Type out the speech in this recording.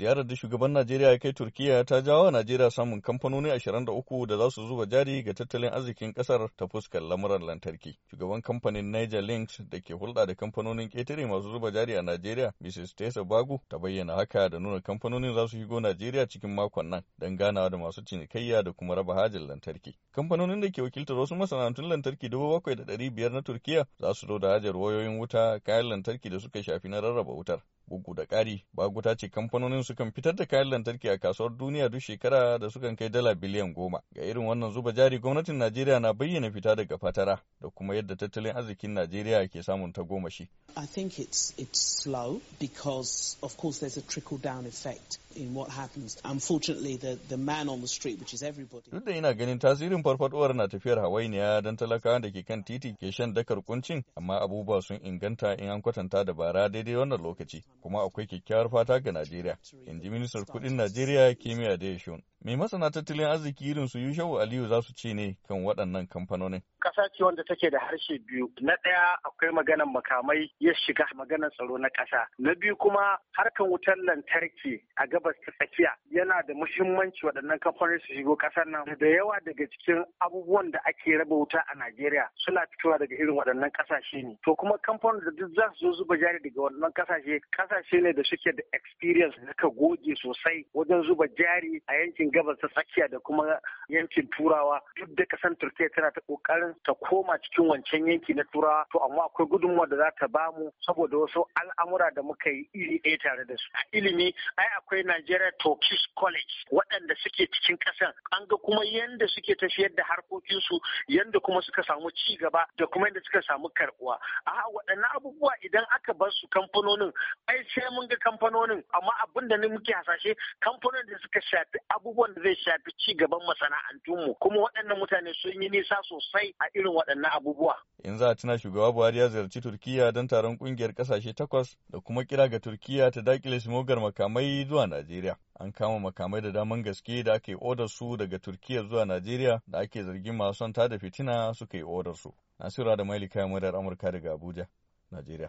ziyarar da shugaban Najeriya ya kai Turkiya ta jawo Najeriya samun kamfanoni 23 da za su zuba jari ga tattalin arzikin kasar ta fuskar lamuran lantarki. Shugaban kamfanin Niger Links da ke hulɗa da kamfanonin ƙetare masu zuba jari a Najeriya, Mrs. Tessa Bagu ta bayyana haka da nuna kamfanonin za su shigo Najeriya cikin makon nan don ganawa da masu cinikayya da kuma raba hajin lantarki. Kamfanonin da ke wakiltar wasu masana'antun lantarki dubu bakwai da ɗari biyar na Turkiya za su zo da hajar wayoyin wuta, kayan lantarki da suka shafi na rarraba wutar. Bugu da ƙari, Bago ta ce kamfanonin sukan fitar da kayan lantarki a kasuwar duniya duk shekara da sukan kai dala biliyan goma. Ga irin wannan zuba jari gwamnatin Najeriya na bayyana fita daga fatara da kuma yadda tattalin arzikin Najeriya ke samun tagomashi. I think it's, it's slow because of course there's a trickle in what happens. Unfortunately the, the the street which is Duk da ina ganin tasirin farfadowar na tafiyar hawainiya don talakawa da ke kan titi ke shan dakar kuncin amma abubuwa sun inganta in an kwatanta da bara daidai wannan lokaci. kuma akwai kyakkyawar fata ga Najeriya, in ji ministar kudin Najeriya da Dayashun. Mai masana tattalin arziki irin su Yushau Aliyu za su ce ne kan waɗannan kamfanonin? Ƙasa ce wanda take da harshe biyu. Na ɗaya akwai maganar makamai ya shiga maganar tsaro na ƙasa. Na biyu kuma harkan wutar lantarki a gabas ta tsakiya yana da muhimmanci waɗannan kamfanoni su shigo ƙasar nan. Da yawa daga cikin abubuwan da ake raba wuta a Najeriya suna fitowa daga irin waɗannan ƙasashe ne. To kuma kamfanonin da duk za su zo zuba jari daga waɗannan ƙasashe, ƙasashe ne da suke da experience da ka goge sosai wajen zuba jari a yankin gabas ta tsakiya da kuma yankin turawa duk da kasan turkiya tana ta kokarin ta koma cikin wancan yanki na turawa to amma akwai gudunmuwa da za ta bamu saboda wasu al'amura da muka yi iri ɗaya tare da su a ilimi ai akwai nigeria turkish college waɗanda suke cikin kasan an ga kuma yanda suke tafiyar da harkokinsu yanda kuma suka samu ci gaba da kuma yanda suka samu karɓuwa a waɗannan abubuwa idan aka bar su kamfanonin ai sai mun ga kamfanonin amma abin da muke hasashe kamfanonin da suka shafi abubuwa abubuwan da zai shafi ci gaban masana'antunmu kuma waɗannan mutane sun yi nisa sosai a irin waɗannan abubuwa. In za a tuna shugaba Buhari ya ziyarci Turkiyya don taron ƙungiyar ƙasashe takwas da kuma kira ga Turkiyya ta dakile simogar makamai zuwa Najeriya. An kama makamai da daman gaske da aka yi odar su daga Turkiyya zuwa Najeriya da ake zargin masu son tada fitina suka yi odar su. Nasiru da Mailika Murar Amurka daga Abuja, Najeriya.